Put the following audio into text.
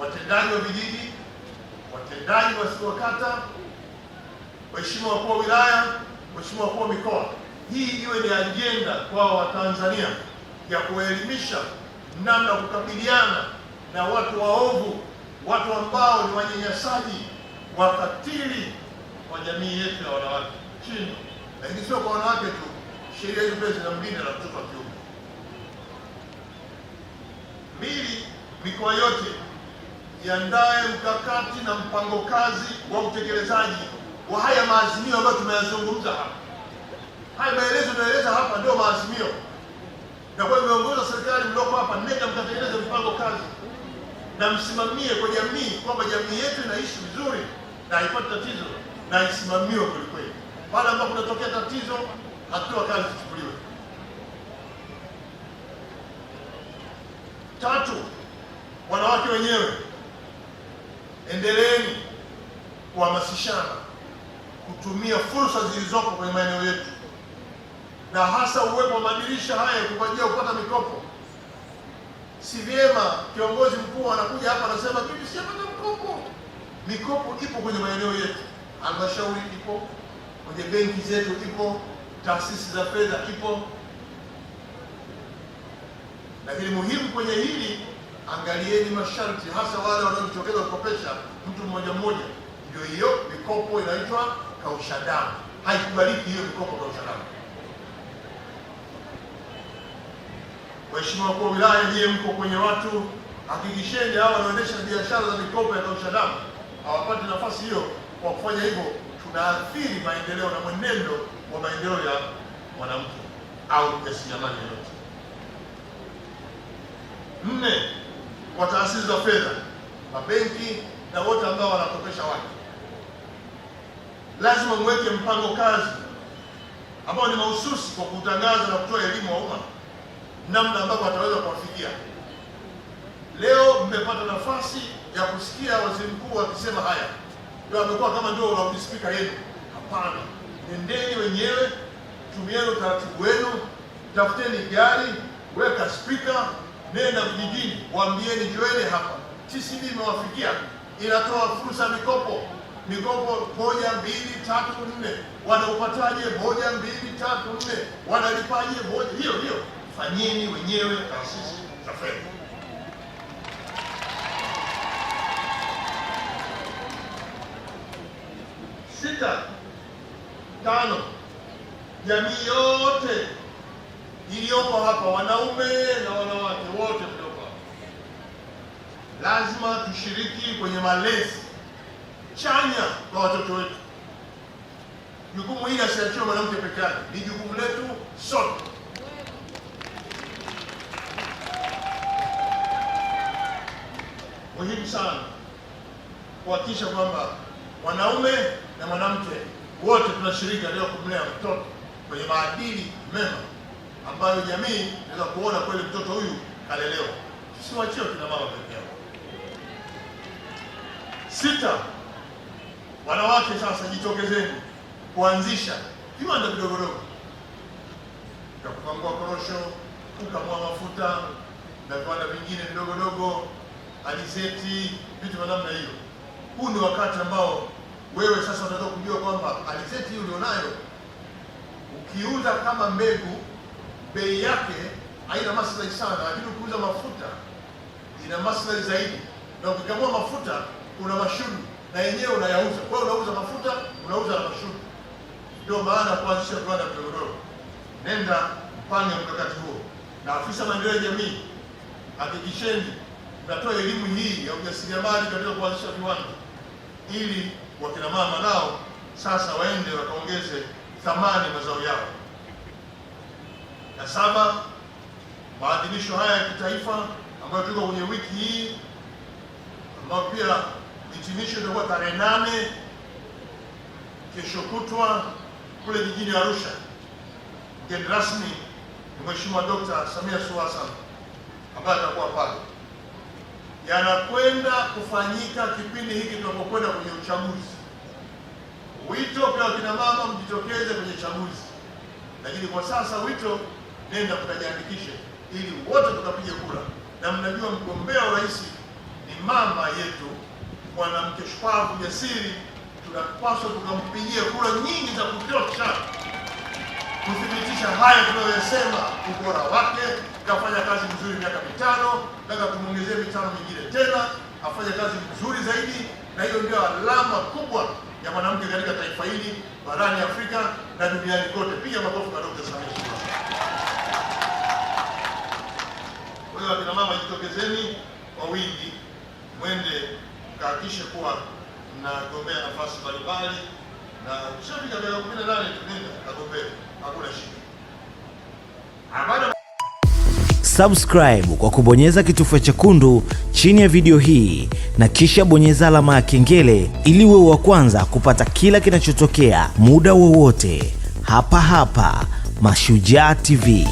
watendaji wa vijiji, watendaji wa kata, waheshimiwa wakuu wa wilaya, waheshimiwa wakuu wa mikoa. Hii iwe ni ajenda kwa Watanzania ya kuwaelimisha namna ya kukabiliana na watu waovu, watu ambao ni wanyanyasaji, wakatili kwa jamii yetu ya wanawake chini, lakini sio kwa wanawake tu. Sheria hizo pia zinamlinda na mtoto wa kiume. Mbili, mikoa yote iandae mkakati na mpango kazi wa utekelezaji wa haya maazimio ambayo tumeyazungumza hapa. Haya maelezo tunaeleza hapa ndio maazimio, na kwa viongozi wa serikali mlioko hapa, nenda mkatengeneze mpango kazi na msimamie kwa jamii kwamba jamii yetu inaishi vizuri na haipati tatizo na isimamiwe kwelikweli. Pale ambapo kunatokea tatizo, hatua kali zichukuliwe. Tatu, wanawake wenyewe endeleeni kuhamasishana kutumia fursa zilizopo kwenye maeneo yetu, na hasa uwepo wa madirisha haya kwa ajili ya kupata mikopo. Si vyema kiongozi mkuu anakuja hapa anasema mimi sijapata mkopo. Mikopo ipo kwenye maeneo yetu, halmashauri ipo, kwenye benki zetu ipo, taasisi za fedha ipo, lakini muhimu kwenye hili angalieni masharti, hasa wale wanaojitokeza kukopesha mtu mmoja mmoja. Ndio hiyo mikopo inaitwa kausha damu, haikubaliki hiyo mikopo kausha damu. Waheshimiwa wakuu wa wilaya, ndiye mko kwenye watu, hakikisheni hawa wanaendesha biashara za mikopo ya kausha damu hawapati nafasi hiyo. Kwa kufanya hivyo, tunaathiri maendeleo na mwenendo wa maendeleo ya mwanamke au mjasiriamali yoyote. Nne, kwa taasisi za fedha, mabenki na wote ambao wanakopesha watu, lazima muweke mpango kazi ambao ni mahususi kwa kutangaza na kutoa elimu wa umma namna ambavyo wataweza kuwafikia. Leo mmepata nafasi ya kusikia waziri mkuu akisema haya, ndio amekuwa kama ndio laudi spika yenu. Hapana, nendeni wenyewe, tumieni utaratibu wenu, tafuteni gari, weka spika nenda vijijini, waambieni Joel hapa TCB imewafikia, inatoa fursa mikopo, mikopo moja mbili tatu nne, wanaupataje? Moja mbili tatu nne, wanalipaje? Moja hiyo hiyo. Fanyeni wenyewe taasisi za fedha. Sita, tano, jamii yote iliyopo hapa, wanaume na wanawake lazima tushiriki kwenye malezi chanya kwa watoto wetu. Jukumu hili asiachiwe mwanamke peke yake, ni jukumu letu sote. Muhimu sana kuhakikisha kwamba mwanaume na mwanamke wote tunashiriki katika kumlea mtoto kwenye maadili mema ambayo jamii inaweza kuona kweli mtoto huyu kalelewa. Tusiwachie kina mama Sita, wanawake sasa jitokezeni kuanzisha viwanda vidogodogo dogo vya kupangua korosho, kukamua mafuta na viwanda vingine vidogo dogo, alizeti, vitu vya namna hiyo. Huu ni wakati ambao wewe sasa unaweza kujua kwamba alizeti hii ulionayo ukiuza kama mbegu, bei yake haina maslahi sana, lakini ukiuza mafuta ina maslahi zaidi, na ukikamua mafuta una mashumi na yenyewe unayauza. Kwa hiyo unauza mafuta, unauza na mashumi. Ndio maana kuanzisha viwanda vidogodogo, nenda mpange mkakati huo. Na afisa maendeleo ya jamii, hakikisheni natoa elimu hii ya ujasiriamali katika kuanzisha viwanda, ili wakina mama nao sasa waende wakaongeze thamani mazao yao. Na saba, maadhimisho haya ya kitaifa ambayo tuko kwenye wiki hii ambayo pia Hitimisho itakuwa tarehe nane kesho kutwa kule jijini Arusha. Mgeni rasmi ni Mheshimiwa Dr. Samia Suluhu Hassan ambaye atakuwa pale. Yanakwenda kufanyika kipindi hiki tunapokwenda kwenye uchaguzi. Wito kwa wakina mama, mjitokeze kwenye chaguzi, lakini kwa sasa wito, nenda mkajiandikishe ili wote tukapige kura, na mnajua mgombea wa urais ni mama yetu mwanamke shupavu, jasiri, tunapaswa tukampigia kura nyingi za kutosha kuthibitisha haya tunayoyasema, ubora wake. Kafanya kazi mzuri miaka mitano, nataka tumwongezee mitano mingine tena, afanye kazi nzuri zaidi, na hiyo ndio alama kubwa ya mwanamke katika taifa hili barani Afrika na duniani kote. pia makofi kwa Dkt. Samia Suluhu Kwa hiyo akina mama, jitokezeni kwa wingi, mwende mkahakikishe kuwa mnagombea nafasi mbalimbali, na ukishafika miaka kumi na nane tunenda kagombea, hakuna shida. Subscribe kwa kubonyeza kitufe chekundu chini ya video hii na kisha bonyeza alama ya kengele ili uwe wa kwanza kupata kila kinachotokea muda wowote hapa hapa Mashujaa TV.